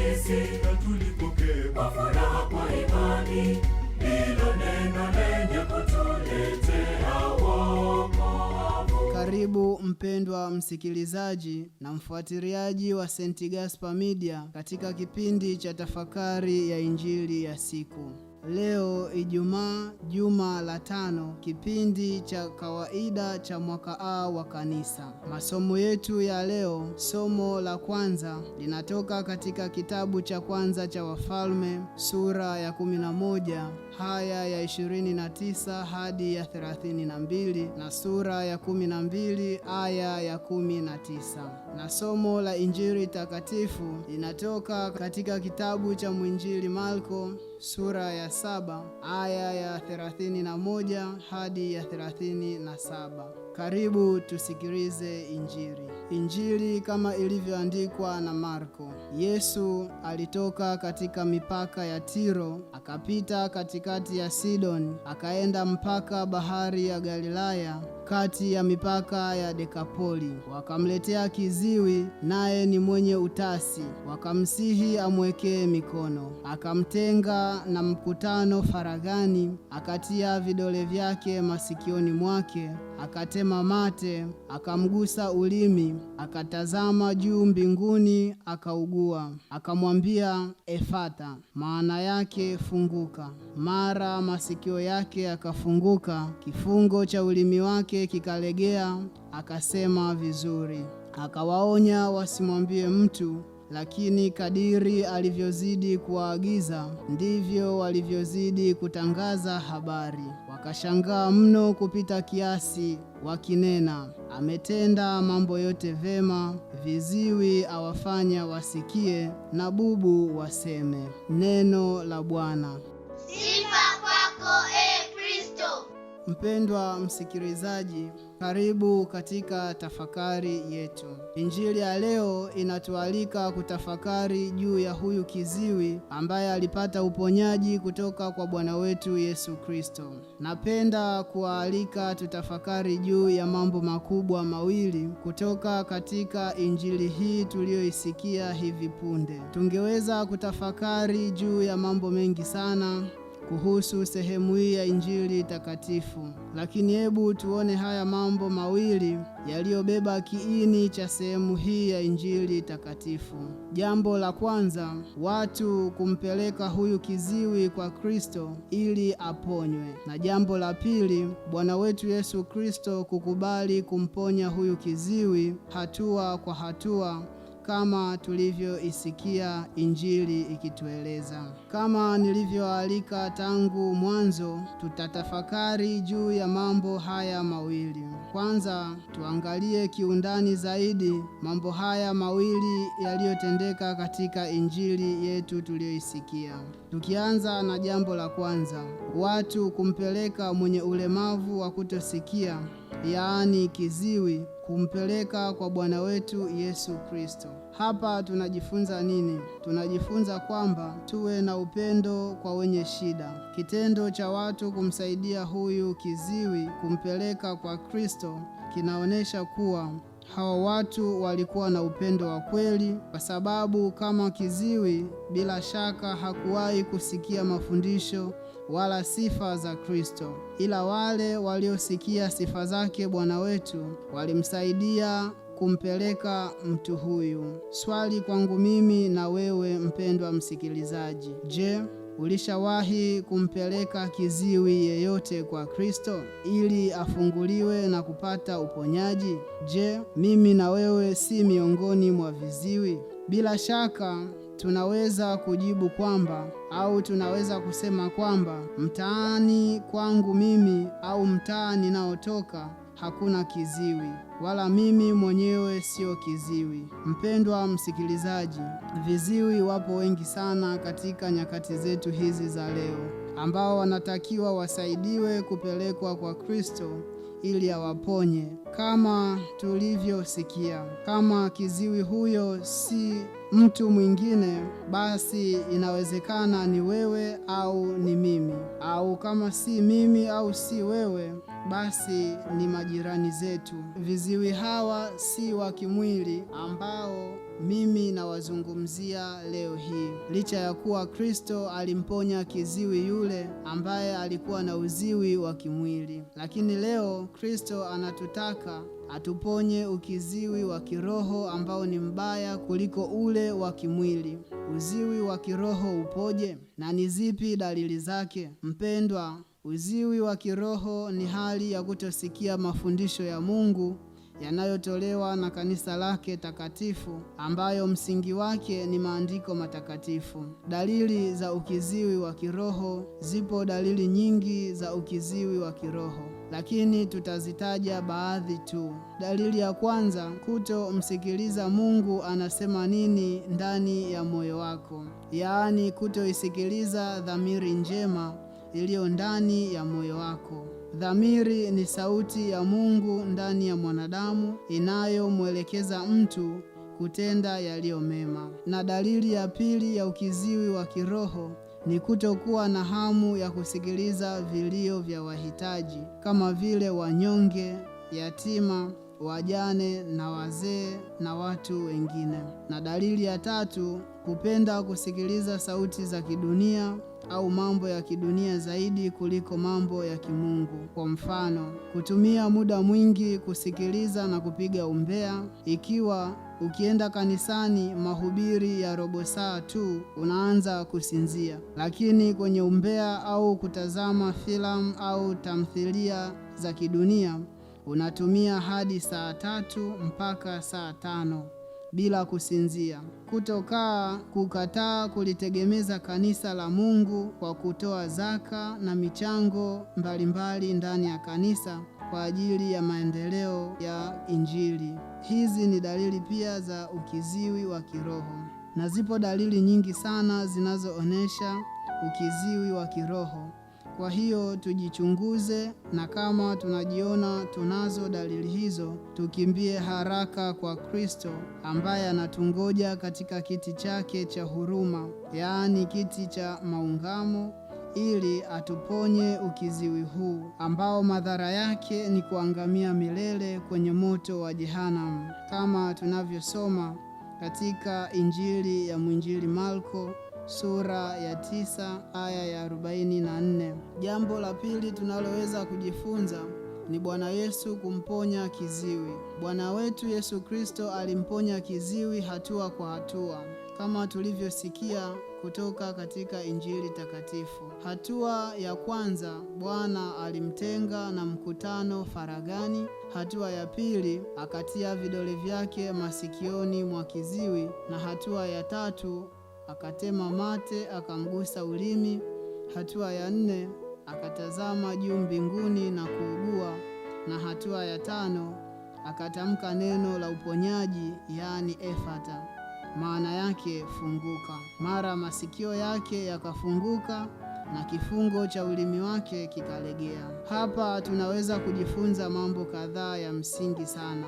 sisi na tulipokee kwa furaha kwa imani hilo neno lenye kutuletea wokovu. Karibu mpendwa msikilizaji na mfuatiliaji wa St. Gaspar Media katika kipindi cha tafakari ya Injili ya siku. Leo Ijumaa, juma la tano, kipindi cha kawaida cha mwaka A wa kanisa. Masomo yetu ya leo, somo la kwanza linatoka katika kitabu cha kwanza cha Wafalme sura ya 11 aya ya 29 hadi ya 32 na sura ya 12 aya ya 19. Na somo la Injili takatifu linatoka katika kitabu cha mwinjili Marko sura ya saba aya ya 31 hadi ya 37. Karibu tusikilize Injili. Injili kama ilivyoandikwa na Marko. Yesu alitoka katika mipaka ya Tiro, akapita katikati ya Sidoni, akaenda mpaka bahari ya Galilaya kati ya mipaka ya Dekapoli. Wakamletea kiziwi, naye ni mwenye utasi, wakamsihi amwekee mikono. Akamtenga na mkutano faragani, akatia vidole vyake masikioni mwake, akatema mate, akamgusa ulimi, akatazama juu mbinguni, akaugua. Akamwambia, Efata, maana yake funguka. Mara masikio yake yakafunguka, kifungo cha ulimi wake chake kikalegea, akasema vizuri. Akawaonya wasimwambie mtu, lakini kadiri alivyozidi kuwaagiza ndivyo walivyozidi kutangaza habari. Wakashangaa mno kupita kiasi, wakinena, ametenda mambo yote vema, viziwi awafanya wasikie na bubu waseme. Neno la Bwana. Sifa kwako, eh. Mpendwa msikilizaji, karibu katika tafakari yetu. Injili ya leo inatualika kutafakari juu ya huyu kiziwi ambaye alipata uponyaji kutoka kwa Bwana wetu Yesu Kristo. Napenda kuwaalika tutafakari juu ya mambo makubwa mawili kutoka katika injili hii tuliyoisikia hivi punde. Tungeweza kutafakari juu ya mambo mengi sana kuhusu sehemu hii ya Injili takatifu. Lakini hebu tuone haya mambo mawili yaliyobeba kiini cha sehemu hii ya Injili takatifu. Jambo la kwanza, watu kumpeleka huyu kiziwi kwa Kristo ili aponywe, na jambo la pili, Bwana wetu Yesu Kristo kukubali kumponya huyu kiziwi hatua kwa hatua kama tulivyoisikia Injili ikitueleza. Kama nilivyoalika tangu mwanzo, tutatafakari juu ya mambo haya mawili. Kwanza tuangalie kiundani zaidi mambo haya mawili yaliyotendeka katika Injili yetu tuliyoisikia, tukianza na jambo la kwanza, watu kumpeleka mwenye ulemavu wa kutosikia, yaani kiziwi kumpeleka kwa Bwana wetu Yesu Kristo. Hapa tunajifunza nini? Tunajifunza kwamba tuwe na upendo kwa wenye shida. Kitendo cha watu kumsaidia huyu kiziwi kumpeleka kwa Kristo kinaonyesha kuwa hawa watu walikuwa na upendo wa kweli, kwa sababu kama kiziwi, bila shaka hakuwahi kusikia mafundisho wala sifa za Kristo, ila wale waliosikia sifa zake Bwana wetu walimsaidia kumpeleka mtu huyu. Swali kwangu mimi na wewe mpendwa msikilizaji, je, ulishawahi kumpeleka kiziwi yeyote kwa Kristo ili afunguliwe na kupata uponyaji? Je, mimi na wewe si miongoni mwa viziwi? Bila shaka tunaweza kujibu kwamba au tunaweza kusema kwamba mtaani kwangu mimi au mtaa ninaotoka hakuna kiziwi wala mimi mwenyewe sio kiziwi. Mpendwa msikilizaji, viziwi wapo wengi sana katika nyakati zetu hizi za leo ambao wanatakiwa wasaidiwe kupelekwa kwa Kristo ili awaponye, kama tulivyosikia. Kama kiziwi huyo si mtu mwingine, basi inawezekana ni wewe au ni mimi, au kama si mimi au si wewe, basi ni majirani zetu. Viziwi hawa si wa kimwili ambao mimi tutawazungumzia leo hii. Licha ya kuwa Kristo alimponya kiziwi yule ambaye alikuwa na uziwi wa kimwili, lakini leo Kristo anatutaka atuponye ukiziwi wa kiroho ambao ni mbaya kuliko ule wa kimwili. Uziwi wa kiroho upoje na ni zipi dalili zake? Mpendwa, uziwi wa kiroho ni hali ya kutosikia mafundisho ya Mungu yanayotolewa na kanisa lake takatifu ambayo msingi wake ni maandiko matakatifu. Dalili za ukiziwi wa kiroho. Zipo dalili nyingi za ukiziwi wa kiroho, lakini tutazitaja baadhi tu. Dalili ya kwanza, kutomsikiliza Mungu anasema nini ndani ya moyo wako, yaani kutoisikiliza dhamiri njema iliyo ndani ya moyo wako. Dhamiri ni sauti ya Mungu ndani ya mwanadamu inayomwelekeza mtu kutenda yaliyo mema. Na dalili ya pili ya ukiziwi wa kiroho ni kutokuwa na hamu ya kusikiliza vilio vya wahitaji kama vile wanyonge, yatima, wajane na wazee na watu wengine. Na dalili ya tatu, kupenda kusikiliza sauti za kidunia au mambo ya kidunia zaidi kuliko mambo ya kimungu. Kwa mfano, kutumia muda mwingi kusikiliza na kupiga umbea. Ikiwa ukienda kanisani mahubiri ya robo saa tu, unaanza kusinzia, lakini kwenye umbea au kutazama filamu au tamthilia za kidunia unatumia hadi saa tatu mpaka saa tano bila kusinzia, kutokaa kukataa kulitegemeza kanisa la Mungu kwa kutoa zaka na michango mbalimbali ndani ya kanisa kwa ajili ya maendeleo ya Injili. Hizi ni dalili pia za ukiziwi wa kiroho, na zipo dalili nyingi sana zinazoonyesha ukiziwi wa kiroho. Kwa hiyo tujichunguze, na kama tunajiona tunazo dalili hizo, tukimbie haraka kwa Kristo ambaye anatungoja katika kiti chake cha huruma, yaani kiti cha maungamo ili atuponye ukiziwi huu ambao madhara yake ni kuangamia milele kwenye moto wa jehanamu, kama tunavyosoma katika Injili ya mwinjili Marko sura ya tisa aya ya arobaini na nne. Jambo la pili tunaloweza kujifunza ni Bwana Yesu kumponya kiziwi. Bwana wetu Yesu Kristo alimponya kiziwi hatua kwa hatua kama tulivyosikia kutoka katika Injili takatifu. Hatua ya kwanza, Bwana alimtenga na mkutano faragani. Hatua ya pili, akatia vidole vyake masikioni mwa kiziwi, na hatua ya tatu akatema mate, akamgusa ulimi. Hatua ya nne akatazama juu mbinguni na kuugua, na hatua ya tano akatamka neno la uponyaji, yaani Efata, maana yake funguka. Mara masikio yake yakafunguka na kifungo cha ulimi wake kikalegea. Hapa tunaweza kujifunza mambo kadhaa ya msingi sana.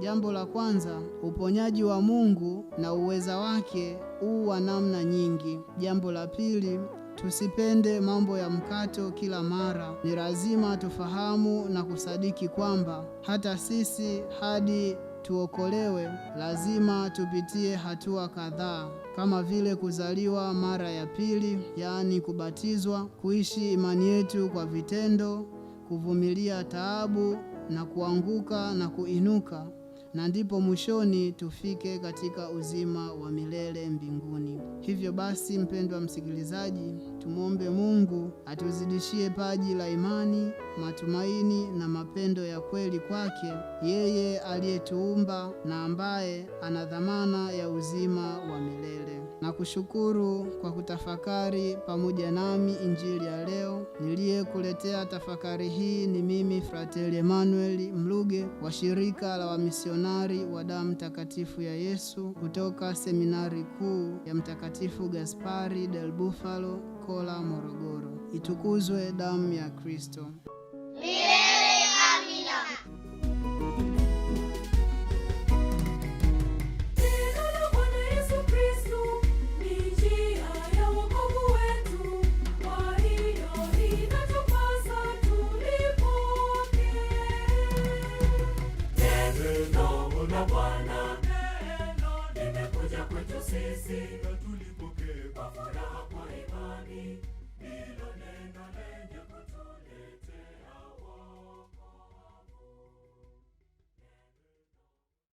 Jambo la kwanza, uponyaji wa Mungu na uweza wake huu wa namna nyingi. Jambo la pili, Tusipende mambo ya mkato kila mara. Ni lazima tufahamu na kusadiki kwamba hata sisi hadi tuokolewe lazima tupitie hatua kadhaa kama vile kuzaliwa mara ya pili, yaani kubatizwa, kuishi imani yetu kwa vitendo, kuvumilia taabu na kuanguka na kuinuka na ndipo mwishoni tufike katika uzima wa milele mbinguni. Hivyo basi, mpendwa msikilizaji, tumwombe Mungu atuzidishie paji la imani, matumaini na mapendo ya kweli kwake yeye aliyetuumba na ambaye ana dhamana ya uzima wa milele na kushukuru kwa kutafakari pamoja nami injili ya leo. Niliyekuletea tafakari hii ni mimi Frateli Emanueli Mluge wa shirika la wamisionari wa damu takatifu ya Yesu kutoka seminari kuu ya Mtakatifu Gaspari del Bufalo, Kola, Morogoro. Itukuzwe damu ya Kristo!